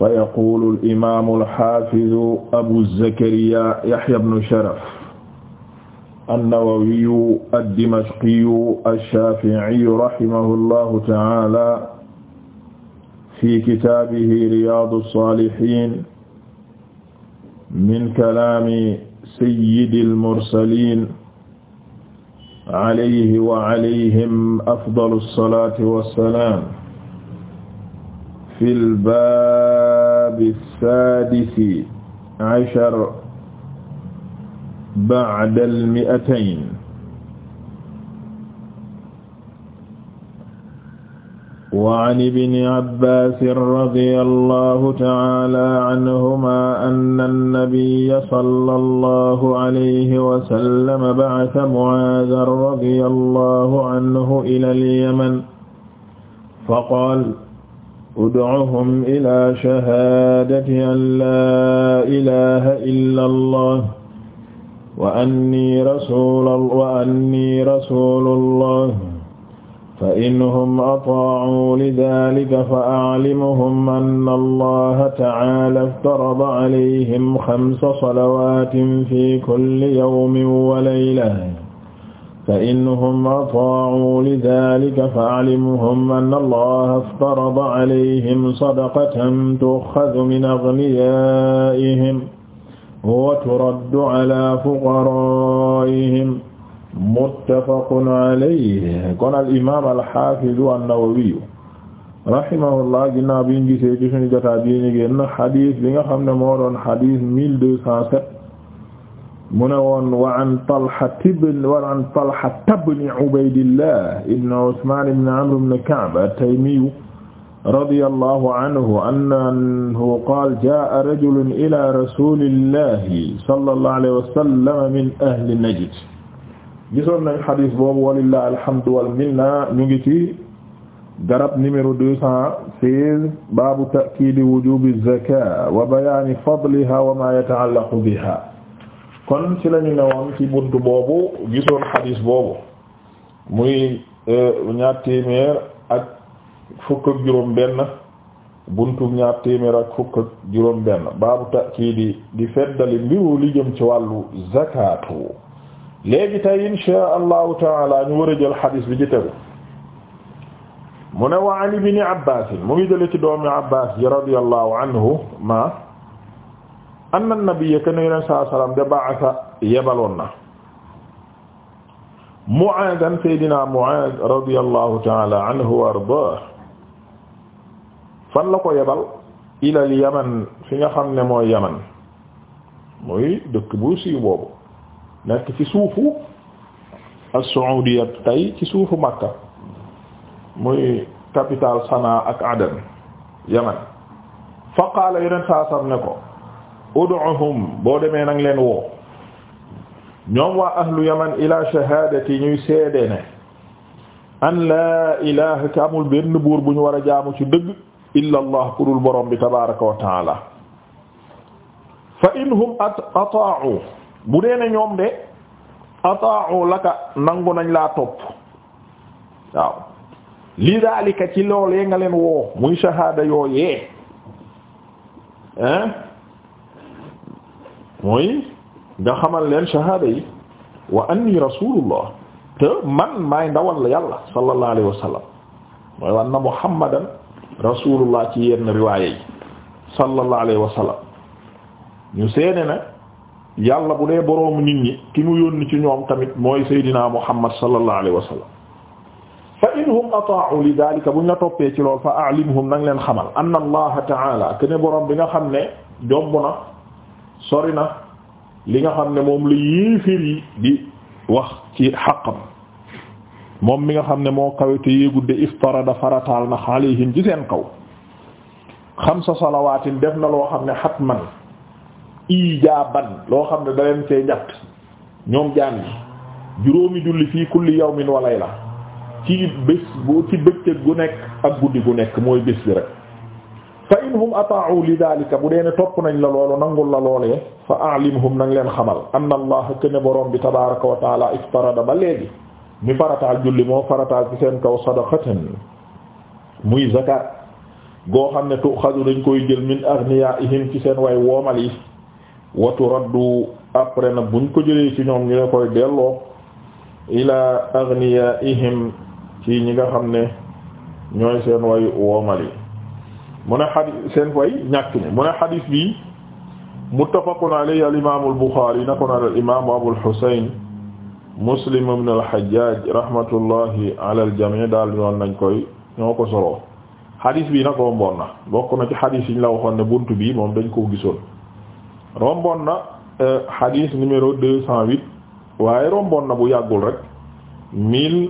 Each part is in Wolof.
fa yaqulu al-imaamu al-haafidu abu zakariya yahya ibnu sharaf an-nawawiyu ad-dimashqiyu ash-shaafi'iyu rahimahullahu ta'aala fi kitaabihi riyaadu saalihiin min kalaami sayyidil mursaliin alayhi wa alayhim afdalu salaati wa salaam fi lbaabi saadisi ashar ba'da al-mi'atayn wa 'an ibni abbaasin radiyallahu ta'aala anhumaa anna an-nabiyya sallallahu alayhi wa sallam ba'atha Mu'aazan radiyallahu anhu ilal yaman faqaala ud'uhum ila shahaadati an laa ilaaha illa allah wa anni rasuulu wa anni rasuulullah fa inhum ataa'uu lidaalika fa a'limhum anna allaha ta'aalaa iftarada alayhim xamsa salawaatin fi kulli yawmin wa layla فإنهم أطاعوا لذلك فأعلمهم أن الله افترض عليهم صدقة تؤخذ من أغنيائهم وترد على فقرائهم متفق عليه kon al imaam al haafiz an-Nawawi rahimahullah ginnaaw bi ñu gisee ci sunu jotaay bi ñu génn xadis bi nga xam ne moo doon xadis 1207 mu ne woon wa an Talha ibn wa an Talha ibn Ubaydillah ibn Usman ibn Amr ibn Ka'b at-Taymi radiyallahu anhu annahu qaala jaa'a rajulun ila rasulillahi sallallahu alayhi wa sallam min ahli Najd gisoon nañ xadis boobu walillahi alhamdu wal minna ñu ngi ci garab numéro deux cent seize baabu ta'kiidi wujuubi zakaati wa bayaani fadlihaa wa maa yata'allaqu bihaa kon ci lañu newoon ci buntu boobu gisoon xadiis boobu muy euh, ñaar téeméer ak fukk ak juróom benn buntu ñaar téeméer ak fukk juróom benn baabu takiidi di feddali mbiru li jëm ci wàllu zakatu léegi tey insha allahu taala ñu war a jël xadiis bi ci tegu mu ne wa an ibni abbasin mu ngi jële ci doomi abbas ji radiyallahu anhu ma anna nabiyya kana yonent saa salaam de ba'atha yebaloon na Mu'aadan Seydina Mu'aad radiyallahu ta'ala anhu wa ardaah fan la ko yebal ilal yaman fi nga xam ne mooy yaman muy dëkk bu siiw boobu nekk ci suufu as-Saoudia tey ci suufu Makka muy capitale Sanaa ak Aden yaman fa qaala yonent saa salaam ne ko ud'uhum boo demee nang leen woo ñoom waa ahlu yaman ila shahadati ñuy seede ne an laa ilaha ka amul benn buur bu ñu war a jaamu ci dëgg illa allah ku dul borom bi tabaraka wa taala fa inhum at bu dee ne ñoom de ataa'u laka nangu nañ laa topp waaw li daalika ci loolee nga leen woo muy shahaada yooyee hein mooy nga xamal leen shahada yi wa anni rasulullah te man maay ndawal yàlla sallallahu alayhi wa sallam mooy wa anna muhammadan rasulullah ci yenn riwaaya yi sallallahu alayhi wa ñu seene na yàlla bu dee boroomu nit ñi ki mu yónni ci ñoom tamit mooy seydinaa muhammad sallallahu alayhi wa sallam fa inhum ataa'u li daalika buñ la toppee ci lool fa a'limhum nang leen xamal anna allaha ta'ala kene borom bi nga xam ne jomb na sori na li nga xam ne moom la yéeféer yi di wax ci xaqam moom mi nga xam ne moo kawe te yéegudde iftarada farataal na alayhim ci seen kaw xamsa salawaatin def na loo xam ne xat xatman ijaaban loo xam ne da leen cee ñoom jaan yi juróomi julli fii kulli yawmin wa layla ci bu ci bëccëg gu nekk ak guddi gu nekk mooy bés bi rek fa inhum ata'u li daalika bu dee ne topp nañ la loolu nangul la loolee fa a'limhum nañ leen xamal anna allah këne borom bi tabaaraka wa taala iftarada ba léegi mi farataal julli moo farataal ci seen kaw sadaqatan muy zakat goo xam ne tu tuxadu dañ koy jël min aghniyaihim ci seen way woomal yi wa turaddu après nag buñ ko jëlee ci ñoom ñu ne koy delloo ila aghniyaihim ci ñi nga xam ne ñooy seen way woomal yi mu ne xadis seen fay ñàkk ni mu ne xadis bi muttafaqun alayhi al imaamu al Buxaari na ko naan al imaamu Abul Husayn Muslim ibn al Hajjaj rahmatullahi ala al jamii daal ñoon nañ koy ñoo ko soloo xadis bi nag romboon na bokk na ci xadis yi la waxoon ne bunt bi moom dañ koo gisoon romboon na euh, xadis numéro deux cent huit waaye romboon na bu yàggul rek mil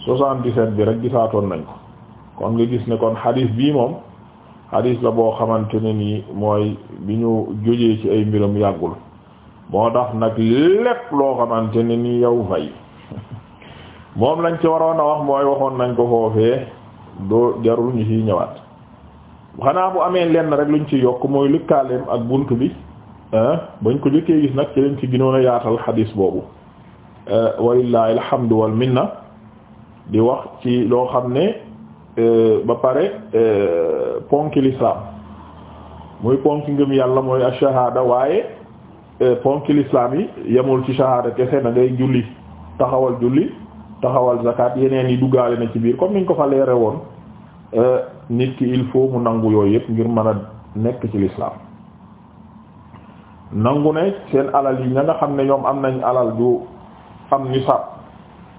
soixante-dix-sept bi rek gisaatoon nañ ko kon nga gis ne kon xadis bii moom xadis la boo xamante ne nii mooy bi ñu jógee ci ay mbiram yàggul moo tax nag lépp loo xamante ne nii yow fay moom lañ ci waroon a wax mooy waxoon nañ ko foofee doo jarul ñu ciy ñëwaat xanaa bu amee lenn rek luñ ci yokk mooy lëkkaaleem ak bunt bi bañ ko jëkkee gis nag ci lañ ci gënoon a yaatal xadis boobu euh, walillahi alhamdu wal minna di wax ci loo xam ne Euh, ba pare euh, ponki l'islam muy ponki ngëm yàlla mooy ash-shahada waaye euh, ponki l'islam yi yemul ci shahada kese na ngay julli taxawal julli taxawal zakat yeneen yi duggaale na ci biir comme niñ ko fa leere woon nit ki faut mu nangu yooyu yëpp ngir mën a nekk ci l'islam nangu ne seen alal yi ña nga xam ne ñoom am nañ alal du am nisab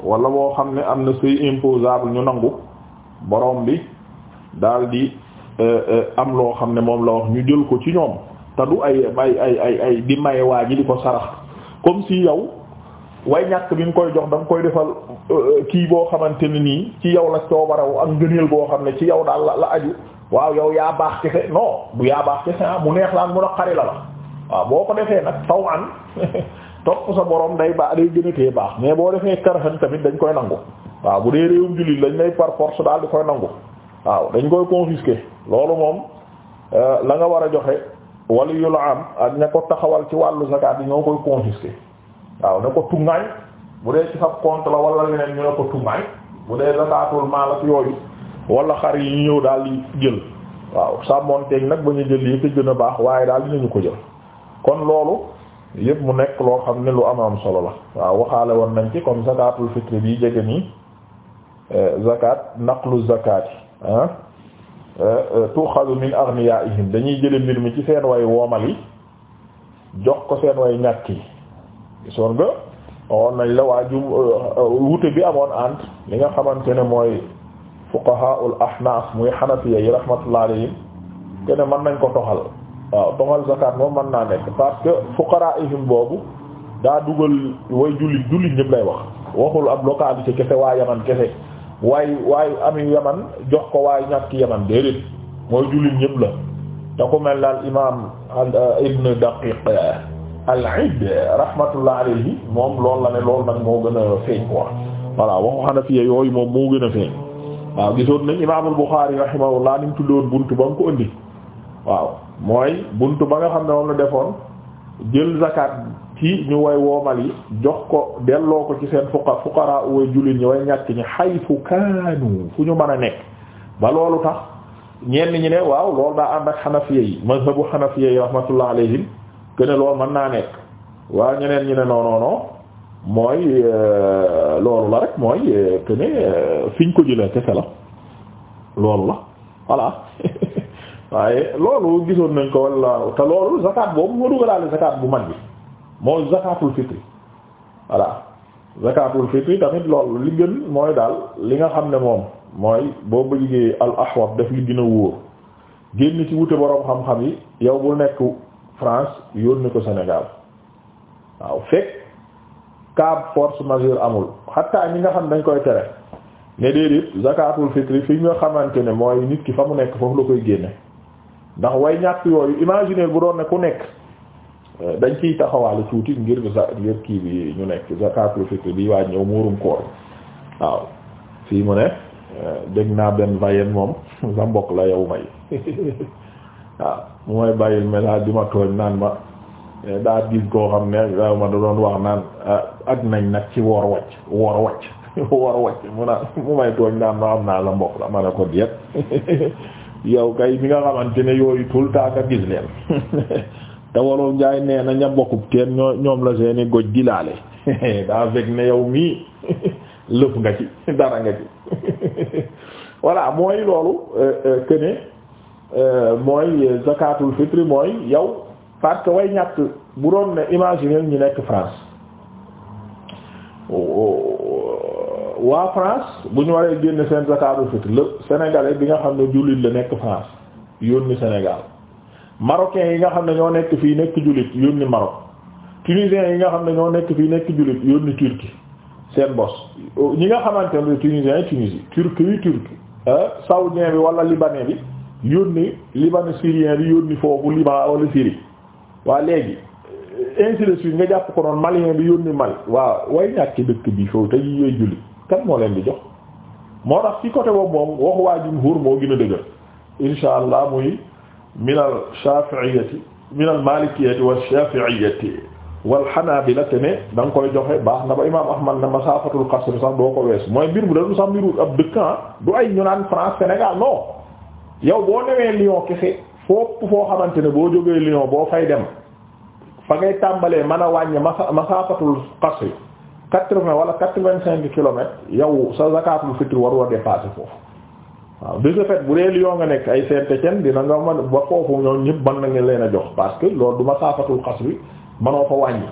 wala boo xam ne am na suy imposable ñu nangu boroom bi daal di euh, euh, am loo xam ne moom la wax ñu jël ko ci ñoom te ay ay ay ay ay di maye waa ji di ko sarax comme si yow way ñàkk bi nga koy jox da koy defal euh, kii boo xamante ni nii ci yow la coobaraw ak ngëneel boo xam ne ci yow daal la la aju waaw yow yaa baax kese non du yaa baax kese ah, mu neex laa mun a xari la la waaw boo ko defee nag taw an topp sa borom day baax day gën baax mais boo defee karaxan tamit dañ koy nangu waaw bu dee réewum jullit lañ lay par force daal di koy nangu waaw dañ koy confisquer loolu moom euh, la nga war a joxe waliyul am ak ña ko taxawal ci wàllu zakat yi ñoo koy confisquer waaw ne ko tuŋaay bu dee ci sa compte wala leneen ñu ne ko tuŋaay bu dee zakatul maal ak yooyu wala xar yi ñu ñëw daal di jël waaw sàmmoonteeg nag ba ñu jël yi te gën a baax waaye daal dinañu ko jël kon loolu yëpp mu nekk loo xam ne lu am am solo la waaw waxaale woon nañ ci comme zakatul fitr bi jege nii. Eh, zakat naqlu zakat ah eh, eh, tuxadu min aghniyaihim dañuy jële mbir mi ci seen way woomal yi jox ko seen way ñàkk yi gisoon nga waxoon nañ la waaju wute bi amoon entre li nga xamante ne mooy fuqahaul ahnaf muy xanafiya yi rahmatullah alayhim kene mën nañ ko toxal waaw toxal zakat moom mën naa nekk parce que fuqaraihim boobu daa dugal way jullit jullit ñëpp lay wax waxul ab localité kese waa yaman kese waaye waaye ami yaman jox ko waaye ñàkk yaman déedéet mooy jullit ñëpp la te mel ne al imaam euh, ibn daqiq euh, al iid rahmatullah alayhi moom loolu la ne loolu nag moo gën a feeñ quoi voilà waxu xanafiya yooyu moom moo gën a feeñ waaw gisoon nañ imaamul buxaari rahimahullah ni mu tuddoon bunt ba mu ko indi waaw mooy bunt ba nga xam ne moom la defoon jël zakat ci ñu way woomal yi jox ko delloo ko ci seen fuqa fuqara way jullit ñi way ñàkk ñi haythu kaanu ku ñu mën a nekk ba loolu tax ñenn ñi ne waaw lool daa ànd ak xanafiya yi mazhabu xanafiya yi rahmatullah alayhim que ne loolu mën naa nekk waa ñeneen ñi ne non mooy euh, loolu la rek mooy euh, que euh, fiñ ko jëlee kese la loolu la voilà waaye loolu gisoon nañ ko walla te loolu zakat boobu moo dugalaale zakat bu mag bi mooy zakatul fitri voilà zakatul fitri tamit loolu li gën mooy daal li nga xam ne moom mooy boo liggéey al ahwab def li gën a wóor génn ci wute boroom xam-xam yi yow bu nekk France yónni ko Sénégal waaw fekk cas force majeure amul xatta ñi nga xam dañ koy tere ne déedéet zakatul fitri fi nga xamante ne mooy nit ki fa mu nekk foofu la koy génne ndax way ñàkk yooyu imaginer bu doon ne ku nekk euh, dañ ciy taxawaale tuuti ngir za ngir kii bi ñu nekk zakatul fitr bi waa ñëw muurum koor waaw fii mu ne euh, dégg naa benn vayen moom sa mbokk la yow may waaw mu may bàyyil message di ma eh, koo xam ne da doon wax naan ah, ak nañ nag ci woor wacc woor wacc mu naan mu may tooñ naan ma am naa la mbokk la ma ne ko diet yow kay bi nga xamante ne yooyu tout le temps nga gis leen te wolof jaay nee ña bokkub teen ñoom la seeni goj di laale daa fekk ne yow mii lëf nga ci dara nga ci voilà mooy loolu euh, euh, que euh, mooy zakatul fitri mooy yow parce que way ñàkk bu doon ne imaginer ñu nekk France oh, oh. waa France bu ñu waree génne seen zakaatul fitr le sénégalais bi nga xam ne jullit la nekk France yónni Sénégal marocain yi nga xam ne ñoo nekk fii nekk jullit yónni Maroc tunisien yi nga xam ne ñoo nekk fii nekk jullit yónni Turquie seen bos ñi nga xamante ne tunisien yi Tunisie turc yi turc ah, saoudien bi wala libanais bi yónni libanais syrien bi yónni foofu Liban wala Syrie waa léegi ainsi nga jàpp ko noonu malien bi yónni Mali waa way ñàkk dëkk bi foofu te yi yooyu jullit kan moo leen di jox moo tax ci côté boobu moom waxu waa jumhur moo gën a dëgër insha allah muy min al shafi'iyati min al malikiyati wa shafi'iyati wal hanabila te ne da nga koy joxe baax na ba imam ahmad na masafatul qasr sax doo ko wees mooy mbir bu dadu sax mbiru ab dëkkan ah du ay ñu naan France Sénégal non yow boo newee Lyon kese foop foo xamante ne boo jógee Lyon boo fay dem fa ngay tàmbalee mën a wàññi masafatul qasr quatre wala quatre-vingt-cinq kilomètres yow sa zakatul fitr waru la dépasser foofu waaw de ce bu dee Lyon nga nekk ay Saint-Étienne dina nga mën ba foofu ñoom ñëpp mën na nga leen a jox parce que loolu du ma saafatul xas bi mënoo fa wàññi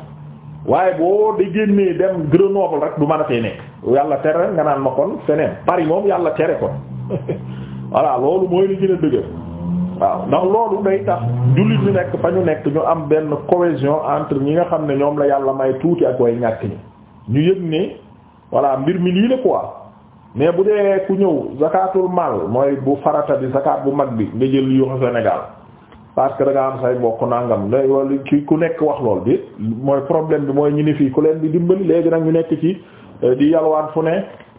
waaye boo di génnee dem Grenoble rek du man a fee nekk yàlla tere nga naan ma kon feneen Paris moom yàlla tere kon voilà loolu mooy li gën a dëgër waaw ndax loolu day tax jullit ñu nekk fa ñu nekk ñu am benn cohésion entre ñi nga xam ne ñoom la yàlla may tuuti ak way ñàkk ñi ñu yëg ne voilà mbir mi lii la quoi mais bu dee ku ñëw zakatul mal mooy bu farata bi zakat bu mag bi nga jël yu Sénégal parce que da nga am say mbokk nangam lay ku nekk wax lool bi mooy problème bi mooy ñu ni fii ku leen di dimbali léegi nag ñu nekk ci euh, di yalwaan fu ne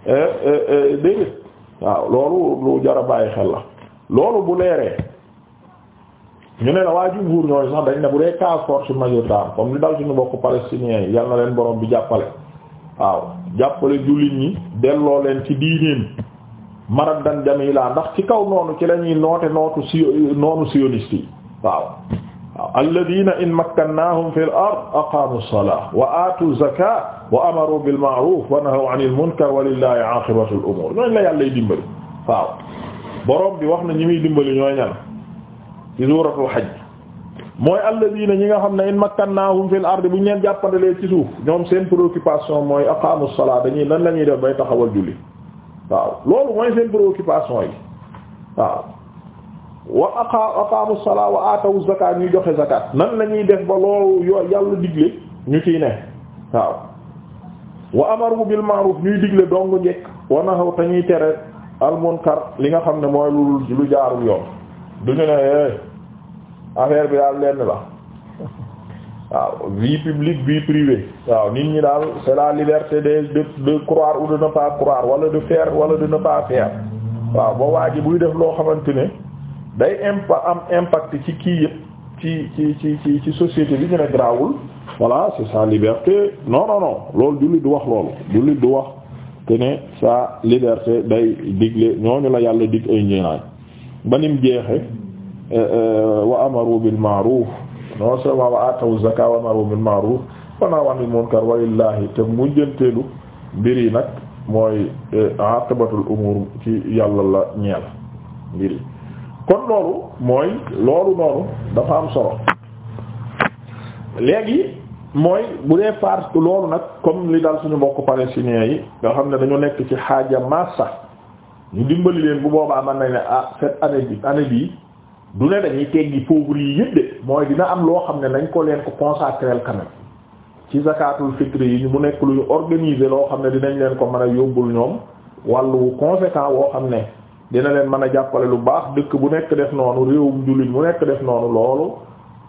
euh, euh, déedéet waaw loolu lu jar a bàyyi xel la loolu bu leeree ñu ne la waa jumhuur ñooyu sax dañ ne bu dee cas force majoritaire comme li dal suñu bokk palestiniens yi yal na leen borom bi jàppale waaw jàppale jullit ñi delloo leen ci diineen maradan jamila ndax ci kaw noonu ci la ñuy noote nootu si noonu sioniste yi waaw waaw alladina in makkannahum fi l ard aqaamu lsalaa wa aatu zaka wa amaru bilmaaruf wa nahaw an il munkar walillahi aqibatu l umur ñooñ la yàllay dimbali waaw boroom bi wax na ñi muy dimbali ñooy ñan ci suuratul hajj mooy alladina ñi nga xam ne in makkannaahum fil ardi bu ñu leen jàppandalee si suuf ñoom seen préoccupation mooy aqaamu salaa dañuy nan la ñuy def bay taxawal julli waaw loolu mooy seen préoccupation yi waaw wa aqa aqaamu salaa wa aatawu zakat ñu joxe zakat nan la ñuy def ba loolu yo yàlla digle ñu ciy ne waaw wa amaru bil ma'ruf ñuy digle dong njekk wa nahaw te ñuy tere al munkar li nga xam ne mooy lu lu jaarul yoon duñu ne eh, affaire bi daal lenn la waaw vie publique vie privée waaw nit ñi daal c'est la liberté de de de croire ou de ne croire wala de faire wala de ne pas faire waaw ba waa buy def loo xamante ne day impa am impact ci kii yëpp ci ci ci ci ci société bi ñu ne grawul voilà c'est sa liberté non non non loolu jullit du wax loolu jullit du wax te ne sa liberté day digle ñooñu la yàlla dig ay ba nim jeexe Eh, eh, wa amaru bil ma'ruf non seulement wa atawu zaka wa amaru bil ma'ruf wa nahaw anil munkar walillahi te mujjanteelu mbir yi nag mooy eh, aqibatul umur ci yàlla la ñeel mbir yi kon loolu mooy loolu noonu dafa am solo léegi mooy bu dee par loolu nag comme li dal suñu mbokk palestiniens yi nga xam ne dañu nekk ci xaaja massa ñu dimbali leen bu boobaa man nañ ne ah cette année bi du ne dañuy teggi pauvres yi yëpp de mooy dina am loo xam ne dañ ko leen ko consacrer quand même ci zakatul fitri yi mu nekk lu ñu organiser loo xam ne dinañ leen ko mën a yóbbul ñoom wàllu conséquent woo xam ne dina leen mën a jàppale lu baax dëkk bu nekk def noonu réewum jullit bu nekk def noonu loolu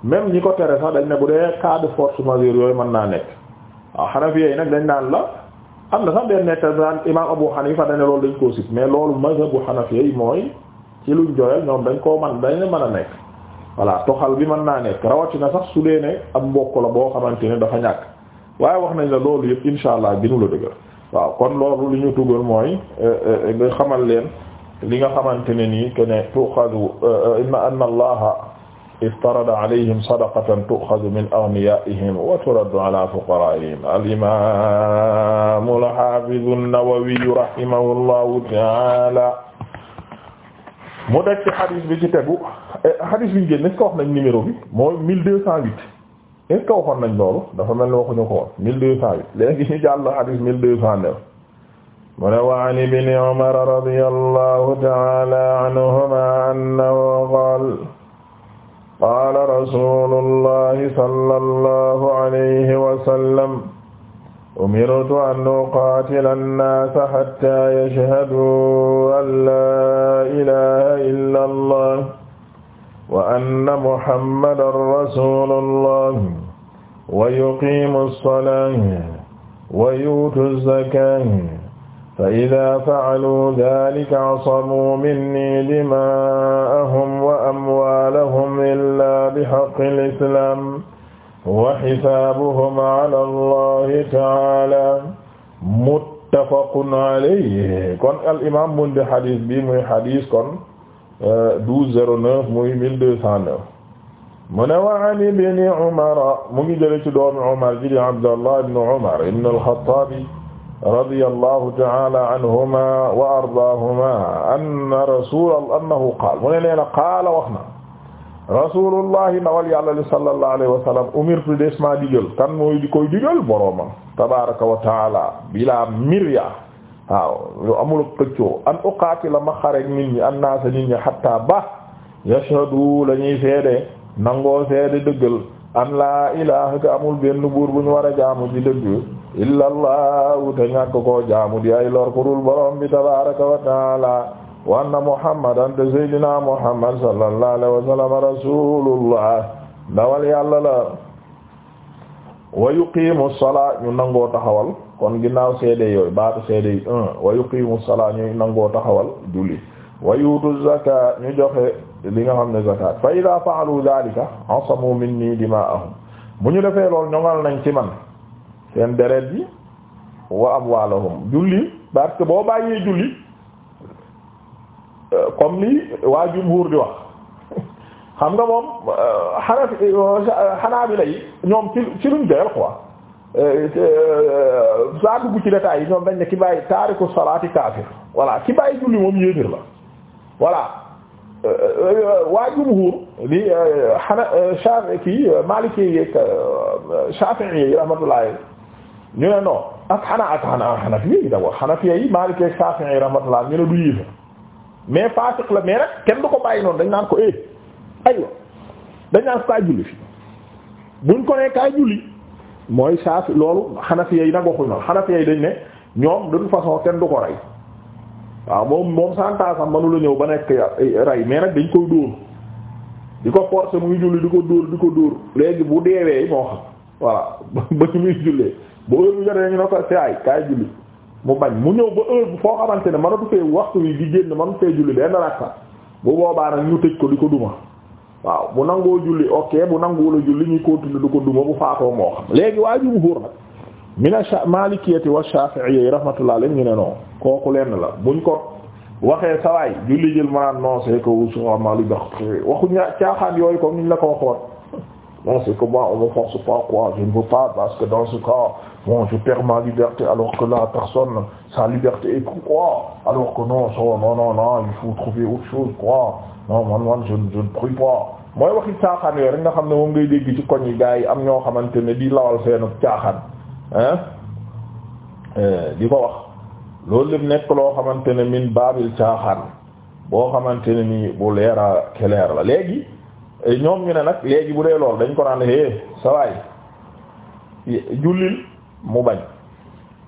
même ñi ko tere sax dañ ne bu dee cas de force majeure yooyu mën naa nekk waaw Hanafi yi nag dañ naan la am na sax benn nekk daan imam Abu Hanifa loolu dañ koo mais loolu mazhabu Hanafi yi mooy ci luñ joyal dañ ko man dañ mën a nekk voilà toxal bi man naa nekk rawatina sax su dee am mbokk la boo xamante ne dafa ñàkk waaye wax nañ la loolu yëpp insha allah gënu la dëgër waaw kon loolu li ñu tugal mooy eh, eh, nga xamal leen li nga xamante ne nii que ne tuxadu eh, inna anna allaha iftarada alayhim min aghniyaihim wa ala fuqaraihim al imam al hafiz an ta'ala mu def ci xadis bi ci tegu eh, xadis bi ñu génn est ce que wax nañ numéro bi mooy 1208 est ce que waxoon nañ loolu dafa mel ni waxuñu ko woon 1208 léegi ñu jàll xadis 1209 mu ne wa an ibni umar radiyallahu ta'ala anhuma annahu qaala qaala rasulullahi sallallahu alayhi wa umirtu an uqaatila annaasa hattaa yashhaduu an laa ilaaha illa allah wa anna muhammadan rasuulullah wa yuqiimu salaata wa yu'tu zakaata fa idaa fa'aluu dhaalika asamuu minnii dimaa'ahum wa amwaalahum illaa bihaqqil islaam xisaabuhum ala allahi taala muttafaqun alayhi kon al imam mundi xadis bi muy xadis kon 1209 euh, muy 1209 mu ne wa an ibni umara mu ngi jële ci doomi umar ji di abdallah ibn umar ibn alxataabi radiyallahu ta'ala anhuma wa ardaahuma anna rasuula annahu qaala mu ne nee na qaala wax na rasulullahi na yàlla li sallallahu alayhi wa sallam umirtu des ma digal kan mooy di koy digal boroomam tabaraka wa taala bila mirya waaw yo amul pëccoo an uqaatila ma xarek nit ñi an naasa nit ñi hatta ba yashhadu la ñuy seede nangoo seede dëggal an laa ilaha amul benn buur bu ñu war a jaamu ji dëgg illa te ñàkk koo jaamu di ay lor kurul borom bi wa taala wa anna muhammadan te seydina muhammad sallallahu alayhi wa sallam rasulullah dawal yàlla la wa yuqimu salaa ñu nangoo taxawal kon ginnaaw seede yooyu baatu seede yi wa yuqimu salaa ñu nangoo taxawal julli wa yuutu zakat ñu joxe li nga xam ne zakat fa ida faalu dalika asamu minni dimaahum bu ñu defee lool ñoŋal nañ ci man seen deret yi wa amwaalahum julli parce que boo bàyyee julli comme lii waa jumhuur di wax xam nga moom xanaa xanaa bi lay ñoom ci ci luñ doyal quoi saa dugg ci détails yi ñoom dañ ne ki bàyyi taariku salaati kaafir voilà ki ay julli moom yéefir la voilà waa jumhuur li kii Maliki yeeg Shafi'i yi rahmatullahi ñu ne non ak xanaa ak xanaa xanafi yi d'abord yi Maliki yeeg Shafi'i yi rahmatullahi ñu ne mais faasiq la mais nag kenn du ko bàyyi noonu dañ naan ko eh aywa dañ naan ko kaa julli fi buñ ko nee kaa julli mooy saafi loolu xanafi yi nag waxuñ noonu xanafi yi dañ ne ñoom de toute façon kenn du ko rey waaw moom moom santaa sax mënu la ñëw ba nekk eh, rey mais nag dañ koy dóor di ko mu muy julli di ko dóor di ko dóor léegi bu deewee moo xam voilà ba ñu muy jullee bu heure bu jotee ñu ne ko saay kaay julli mu bañ mu ñëw ba heure bu foo xamante ne mënatu fee waxtu wi di génn mënatu fee julli benn rakka bu boobaa nag ñu tëj ko di ko duma waaw bu nangoo julli ok bu nanguwula julli ñu continue di ko duma bu faatoo moo xam léegi waa jumhuur nag mina maalikiyati wa shafi'iyyi rahmatullah alayhi ñu ne non kooku lenn la buñ ko waxee sawaay julli jël mënaan non c'est que wusu Malik waxuñ caaxaan yooyu comme ñu la ko waxoon non parce que dans ce cas bon je perds ma liberté alors que la personne sa liberté est mooy waxi caaxaan yooyu rek nga xam ne moom ngay dégg ci koñ gaa yi am ñoo xamante ne di lawal seen caaxaan ah di ko wax loolu lim nekk loo xamante ne min baabil caaxaan boo xamante ne nii bu leera keleer la léegi Eh, ñoom ñu ne nag léegi bu dee lool dañ ko naan hé eh, sawaay jullil mu bañ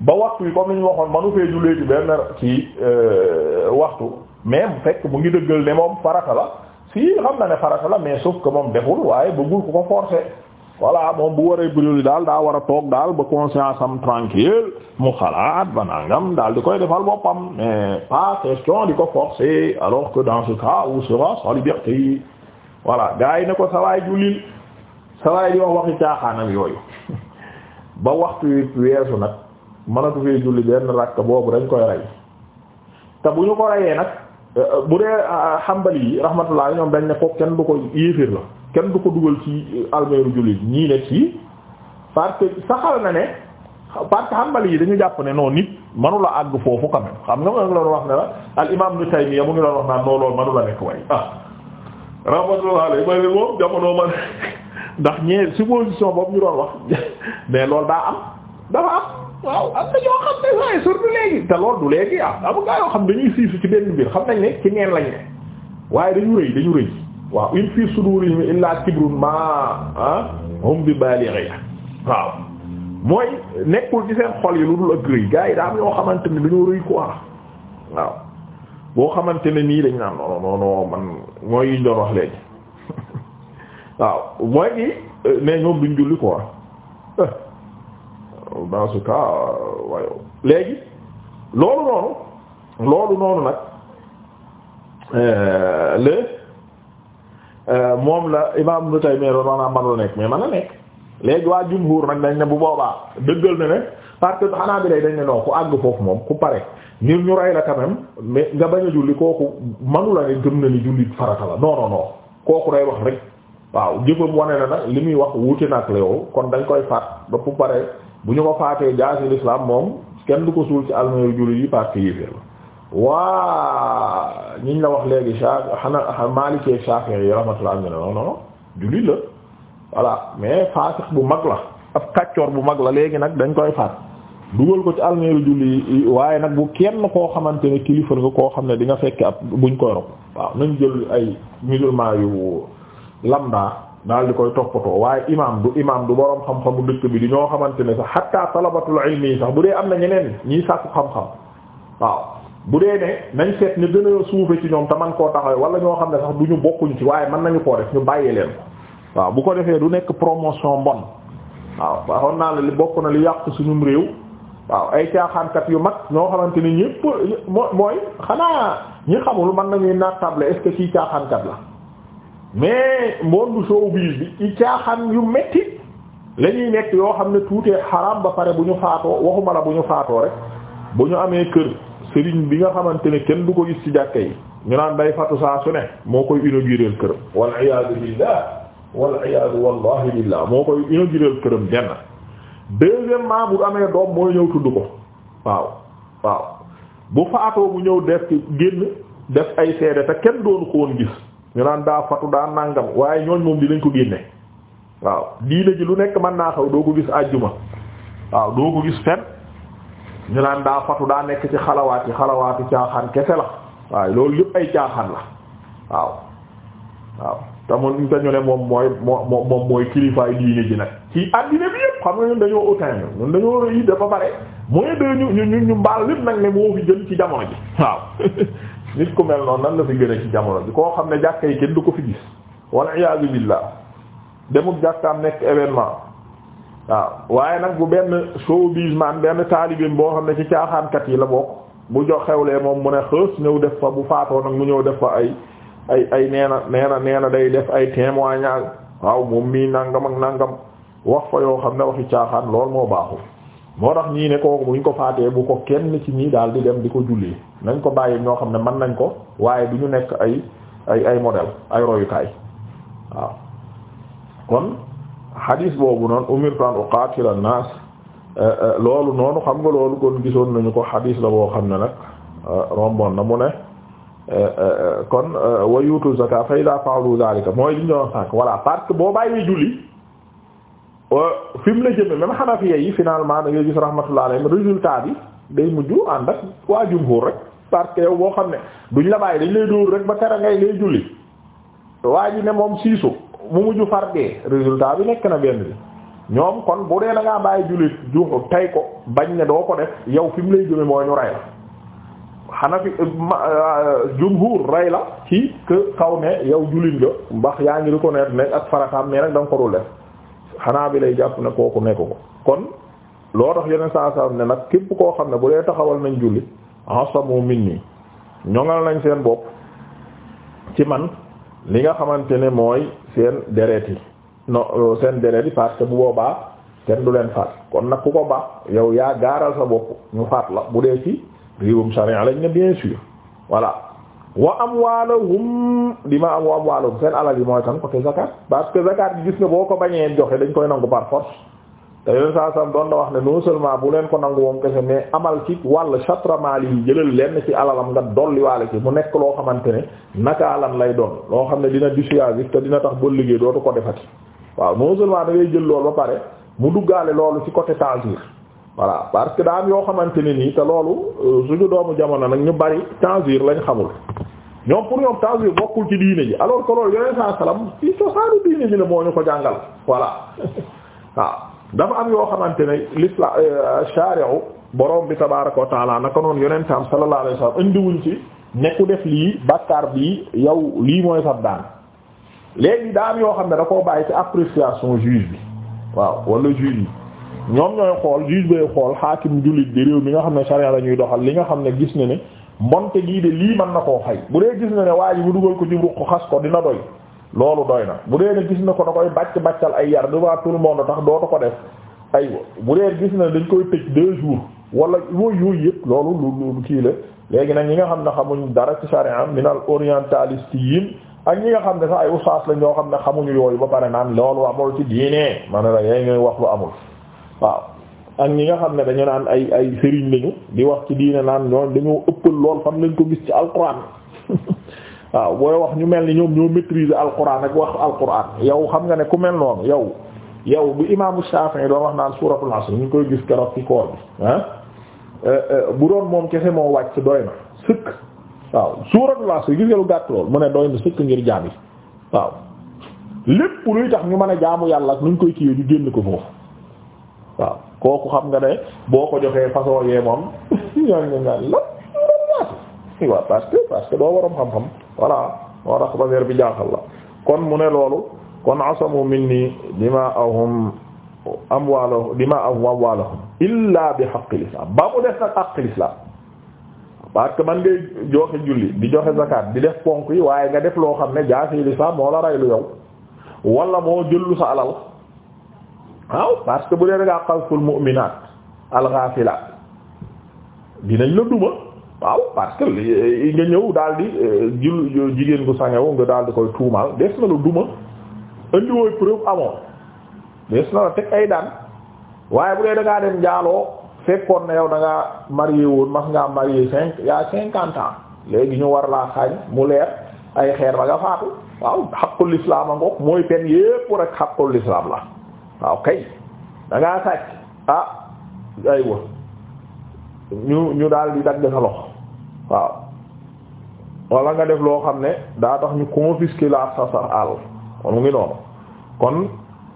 ba waxtu yi comme ni ñu waxoon manu fee jullee ci benn ci euh, waxtu mais fekk mu ngi dëggal ne moom farata la si xam na ne farata la mais sauf que moom deful waaye bëggul ku ko forcer voilà moom bu waree brûler daal daa war a toog daal ba conscience am tranquille mu xalaat ba daal di koy defal boppam mais pas question di ko forcer alors que dans ce cas où sera sa liberté voilà gaa yi ne ko sawaay jullil sawaay di waxi caaxaanam yooyu ba waxtu wi weesu nag mënatu fee julli benn rakk boobu dañ koy rey te bu ñu ko reyee nag euh, euh, bu dee xambali euh, yi rahmatullah ñoom dañ ne ko kenn du ko yéefir la kenn du ko dugal ci almeeru jullit ñii ne ci parce que saxal na ne parce xambali yi dañu jàpp ne noonu nit manula àgg foofu quand même xam nga ma ngi doon wax ne la al imam Ibn Taymiyya mu ngi doon wax naa noonu loolu manula nekk way ah. a alayhi ma ne moom jamono ma ndax ñee supposition boobu ñu doon wax mais loolu daa am dafa am waaw am na ñoo xam ne waaye surtout léegi te loolu du léegi ah am nga yoo xam dañuy siisu ci benn mbir xam nañ ne ci neen lañ ne waaye dañu rëy dañu rëy waaw in fii sudurihim illaa kibrun ma ah, hum bi balighi waaw mooy nekkul ci seen xol yi lu dul ak rëy gars yi daa am yoo xamante ne dañoo rëy quoi waaw boo xamante ne nii dañ naan non non man mooy yi doon wax léegi waaw mooy gi ne euh, ñoom duñ julli quoi dans ce léegi loolu noonu loolu noonu nag euh, le euh, moom la imam nu tay mais doon wax man la nekk mais man a nekk léegi waa jumhur nag dañ ne bu boobaa dëggal na ne parce que xanaa bi lay dañ ne non ku àgg foofu moom ku pare ngir ñu rey la quand mais nga bañ a julli kooku manu la ne gëm na ni julli farata la non non kooku day wax rek waaw jëfam wane na nag li muy wax wuute nag la yow kon dañ koy faat ba ku pare bu ñu ko faatee jaasi l'islam moom kenn du ko suul ci almeeru julli yi parce que la waa ñiñ la wax léegi sa xanaa Maalikee Shaafi'i rahmatullah ne non non julli la voilà mais faasix bu mag la ab kàccoor bu mag la léegi nag dañ koy faat dugal ko ci almeeru julli yi waaye nag bu kenn koo xamante ne kilifa nga koo xam ne di nga fekk ab buñ koy rob waaw nañ jël ay musulman yu lambda daal di koy toppatoo waaye imam du imam du boroom xam-xamu dëkk bi di ñoo xamante ne sax hatta talabatul ilmi yi sax bu dee am na ñeneen ñiy sàkku xam-xam waaw bu dee ne nañ seet ñu gën a suufe ci ñoom te man koo taxawee wala ñoo xam ne sax du ñu bokkuñ ci waaye mën nañu koo def ñu bàyyee leen ko waaw bu ko defee du nekk promotion mbon waaw waxoon naa li bokk na li yàq suñum réew waaw ay caaxaankat yu mag ñoo xamante ni ñëpp mooy xanaa ñi xamul man nañuy naatable est-ce que ci caaxaankat la mais soo biir bi ci caaxaan yu metti la ñuy nekk yoo xam ne tuutee xaraam ba pare bu ñu faatoo waxuma la bu ñu faatoo rek bu ñu amee kër sëriñ bi nga xamante ne kenn du ko gis ci jàkka yi ñu naan day fatu saa su ne moo koy inaugurer kër wal iyaadu billah wal iyaadu wallahi billah moo koy inaugurer këram benn deuxièmement bu amee doom mooy ñëw tudd ko waaw waaw bu faatoo bu ñëw def ci génn def ay seede te kenn doonu ko gis ñu naan daa fatu daa nàngam waaye ñooñ moom dinañ ko génne waaw diine ji lu nekk man naa xaw doo ko gis àjjuma waaw doo ko gis fen ñu naan daa fatu daa nekk ci xalawaati xalawaati caaxaan kese la waaw loolu yëpp ay caaxaan la waaw waaw te mu te ñu ne moom mooy moom mooy kilifaay diine ji nag ci addina bi yëpp xam nga ñun dañoo autant ñun dañoo rëy dafa bare mooy de ñu ñu ñu mbaal lépp nag ne moo fi jël ci jamono ji waaw nit ku mel noonu nan la fi gëne ci jamono ji koo xam ne jàkka yi kenn du ko fi gis walla iyaazu billah demul jàkkaam nekk événement waaw waaye nag bu benn showbiz man benn taalibeem boo xam ne ci caaxaankat yi la bokk bu jox lee moom mu ne xës ñëw def fa bu faatoo nag mu ñëw def fa ay ay ay nee na nee na nee na day def ay témoignage waaw moom mii nangam ak nangam wax fa yoo xam ne waxi caaxaan lool moo baaxul moo tax ñii ne kooku buñ ko faatee bu ko kenn ci ñii daal di dem di ko jullee nañ ko bàyyi ñoo xam ne man nañ ko waaye du ñu nekk ay ay ay ay royukaay waaw kon hadis boobu noonu umirtu an uqaatila naas eh, eh, loolu noonu xam nga loolu kon gisoon nañu ko hadis la boo xam ne nag eh, romboon na mu ne kon wayutu zaka fa ida fa'alu zalika mooy li ñu doon parce que boo bàyyi julli Euh, fi mu la jëme même Hanafiya yi finalement da ngay gis rahmatullah alayhim résultat bi day mujj ànd ak waa jumhur rek parce que boo xam ne duñ la bàyyi dañ lay dóor rek ba kera ngay ngay waa ji ne moom siisu mu mujj far dee résultat bi nekk na benn bi ñoom kon bu dee da ngaa bàyyi jullit ju ko bañ ne doo ko def yow fi mu lay jëme mooy ñu rey la Hanafi euh, euh, jumhur ray la ci que kaw ne yow jullit nga mbax yaa ngi reconnaître ne ak farataam mais rek da nga ko dul def xanaa bi lay jàpp ne kooku nekk ko kon loo tax yeneen saa saa ne nag képp koo xam ne bu dee taxawal nañ julli min minni ñoŋal nañ seen bopp ci man li nga xamante ne mooy seen deret yi no seen deret yi parce que bu boobaa kenn du leen faat kon nag ku ko baax yow yaa gaaral sa bopp ñu faat la bu dee ci réewum charia lañ ne bien sûr voilà. am wa amwaalahum di ma am wa amwaalahum seen alal yi mooy tan côté zakat parce que zakat gis nga boo ko bañee joxe dañ koy nangu par force te yooyu saa sam doon la wax ne non seulement bu leen ko nangu moom kese mais amal ci wàll chatra mali yi jëlal lenn ci alalam nga waalo ci mu nekk loo xamante ne naka alam lay doon loo xam ne dina dissuasif te dina tax boo liggéey dootu ko defati waaw non seulement da jël loolu ba pare mu duggaale loolu ci côté tensir voilà parce que daa am yoo xamante ne nii te loolu euh, suñu doomu jamono nag ñu bari tanzir lañ xamul ñoom pour ñoom tanzir bokkul ci diine ji alors que loolu yeneen saa salaam ci cosaanu diine ji la moo ñu ko jàngal voilà waaw dafa am yoo xamante ne l'islam euh, shari'u borom bi tabaaraka wa taala naka noonu yeneen taam sallallahu alayhi wasallam indiwuñ ci nekku def lii bàkkaar bii yow lii mooy sax daan léegi daa am yoo xam ne da koo bàyyi ci appréciation juge waaw wala ñoom ñooy xool juge bay xool xaakim jullit bi réew mi nga xam ne charia la ñuy doxal li nga xam ne gis na ne mbonte gii de lii mën na koo fay bu dee gis na ne waa ji bu dugal ko ci ruq xas ko dina doy loolu doy na bu dee ne gis na ko da koy bàcc bàccal ay yar devant tout le monde tax dootu ko def aywa bu dee gis na ne dañ koy tëj wala yooyu yooyu yëpp loolu lu lu kii la léegi nag ñi nga xam ne xamuñ dara ci charia minal orientaliste yiin ak ñi nga xam ne sax ay ustaas la ñoo xam ne xamuñu yooyu ba pare naan loolu amul ci diine ma ne la ngay wax lu amul waaw ak ñi nga xam ne dañu naan ay ay sëriñ lañu di wax ci diine naan ñoom dañoo ëppal lool fan lañ ko gis ci alquran waaw booy wax ñu mel ni ñoom ñoo maîtriser alquran ak wax alquran yow xam nga ne ku mel noonu yow yow bu imaamu Shafi'i doon wax naan suuratul asr ñu koy gis keroog ci koor bi ah eh, eh, bu doon moom kese moo wàcc doy na sëkk waaw suuratul asr gis nga lu gàtt lool mu ne doy na sëkk ngir jaam yi waaw lépp luy tax ñu mën a jaamu yàlla ak nuñ koy kiiwee ñu génn ko waaw kooku xam nga ne boo ko joxee façon yee moom yaa ngi naan la que doo waroon xam-xam voilà bi jaaxal la kon mu ne loolu kon asamu minni dimaahum amwaalahum dimaahum amwaalahum illa bi haqqil islam ba mu def nag man ngay joxe di joxe zakat di def ponk yi waaye nga def loo xam ne jaasi l'islam moo la rey lu yow wala moo jëllu sa alal waaw parce que bu dee da ngaa xalful mu'minaat al-ghafilaat dinañ la duma waaw parce que eh, nga ñëw daal di eh, jul jigéen gu sangewu nga daal di koy tuumaal des na la duma andi wooy preuve amoon des na la teg ay daan waaye bu dee da dem njaaloo fekkoon na yow da ngaa marié woon mas ngaa marié cinq yaa cinquante ans léegi ñu war laa xaañ mu leer ay xeer ba nga faatu waaw xaqul islam a ngoog mooy pen yépp rek xaqul islam la waaw kay da sàcc ah aywa ñu ñu daal di dagg sa loxo waaw wala nga def loo xam ne daa tax ñu confisquer la sa sa àll kon mu ngi noonu kon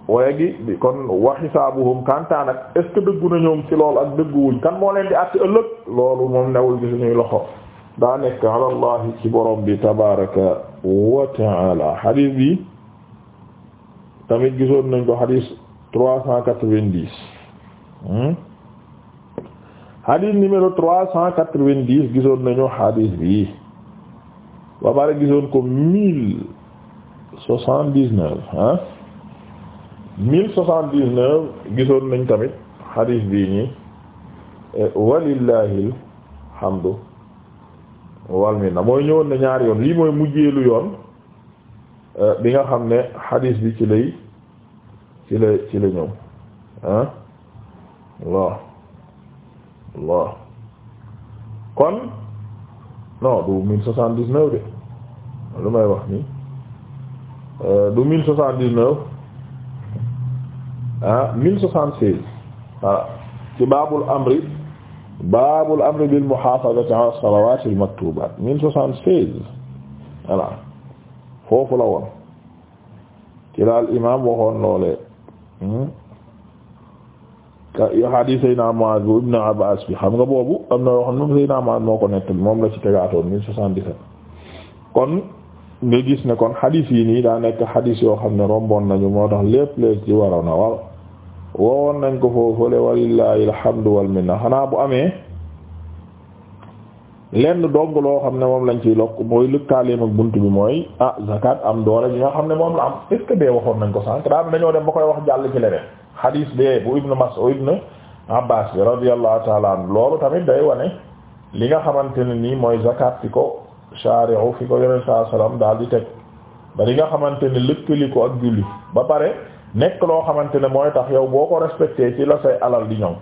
waaye gi kon wa xisaabuhum kantaan ak est dëggu na ñoom ci loolu ak dëgguwuñ kan moo leen di àtt ëllëg loolu moom newul ci suñuy loxo daa nekk ala ci borom bi tabaraka wa taala xadiis bi tamit gisoon nañ ko xadiis trois cent quatre-vingt-dix hmm? hadith numéro trois cent quatre-vingt-dix gisoon nañu hadith bi ba pare gisoon ko mille soixante-dix-neuf ah mille soixante-dix-neuf gisoon nañ tamit hadith bi nii eh, walillahil hamdu wal minna mooy ñëwoon na ñaar yoon lii mooy mujjeelu yoon eh, bi nga xam ne xadis bi ci lay ci la ci la ñëw ah Allah Allah kon du mille soixante dix de lu may wax nii euh, du mille soixante-dix-neuf ah mille soixante-seize voilà ci baabul amri baabul amri bil muhaafazati ala salawaatil maktuubaat mille soixante-seize voilà foofu la woon ci la al imaam waxoon loole Hmm? hadis naa Muaz bu Ibn Abbas bi xam nga boobu am na yoo xam ne moom moo ko nettali moom la ci tegaatoon 1077 kon nga gis ne kon hadis yi nii daa nekk hadis yoo xam ne romboon nañu moo tax lépp lépp ci waroon a war wowoon nañ ko foofule walillahi alhamdu wal minna xanaa bu amee lenn dong loo xam ne moom lañ ciy lokk mooy lëkkaaleem ak bunt bi mooy ah zakat am doole bi nga xam ne moom la am est bee waxoon nañ ko sànq daal dañoo dem ba koy wax jàll ci leneen xadiis bee bu ibnu Mas'ud ibnu Abbaas bi radiyallahu taala an loolu tamit day wane li nga xamante ne nii mooy zakat fi ko shari'u fi ko yeneen sa salaam daal di teg ba li nga xamante ne lëkkali ko ak julli ba pare nekk loo xamante ne mooy tax yow boo ko respecté ci la say alal di ñëw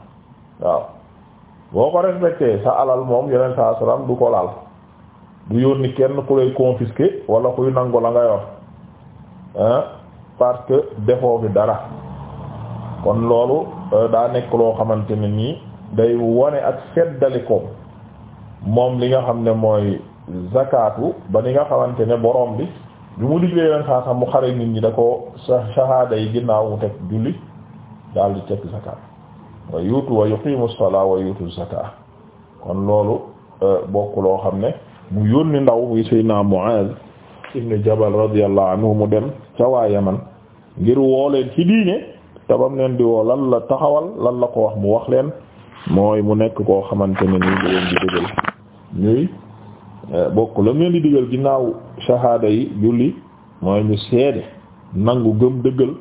boo ko respecté sa alal moom yeneen saa salaam du ko laal du yónni kenn ku lay confisquer wala kuy nangu la nga yor ah parce que defoo bi dara kon loolu euh, daa nekk loo xamante ne nii day wone ak feddali moom li nga xam ne mooy zakatu ba ni nga xamante ne borom bi du mu diglee yeneen saa sax mu xare nit ñi da ko sa shahada yi ginnaaw mu teg julli daal di teg zakat wa yuutu wa yuqimu salaa wa yuutu zakaa kon loolu euh, bokkuloo xam ne mu yónni ndaw muy Seydina Muaaz ibn Jabal radiyallahu anhu mu dem ca waa Yaman ngir woo leen ci diine tabam leen di woo lan la taxawal lan la ko wax mu wax leen mooy mu nekk koo xamante ne nii di leen di digal ñuy euh, bokk la leen di digal ginnaaw shahaada yi julli mooy ñu seede nangu gëm dëggal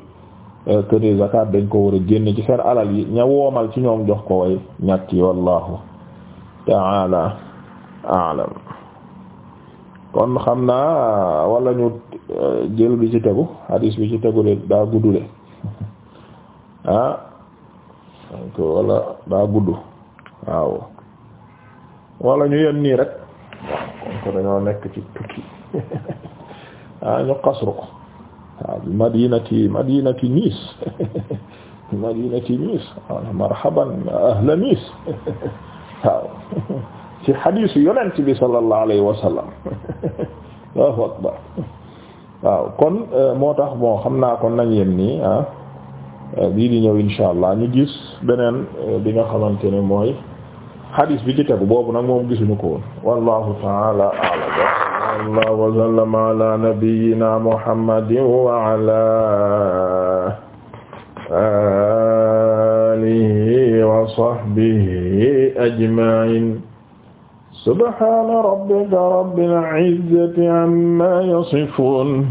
këne euh, zakat dañ ko war a génn ci seen alal yi ña woomal ci ñoom jox ko way ñàkk yi wallahu taala alam kon xam naa walla ñu euh, jël bi ci tegu hadis bi ci tegu de daa guddule ah donc daa gudd waaw wala ñu yem nii rek waaw kon ko dañoo nekk ci tukki ah ñu xasru ko waaw madinati madinati Nice madinati Nice waaw marhaban ahla Nice waaw ci hadiisu yonent bi sallallahu alayhi wa sallam Allahu akbar waaw kon euh, moo tax bon xam naa kon nañ yem nii ah, euh, bii di ñëw insha allah ñu gis beneen euh, bi nga xamante ne mooy hadis bi ci tegu boobu nag moom gisuñu ko woon wallahu ta'ala a'lam sallallahu wa sallama ala nabiyyina muhammadin wa ala alihi wa sahbihi ajma'in subhana rabbika rabbil izzati amma yasifun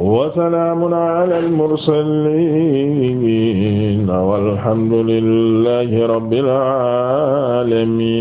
wa salaamun alal mursaliin walhamdu lillahi rabbil aalamiin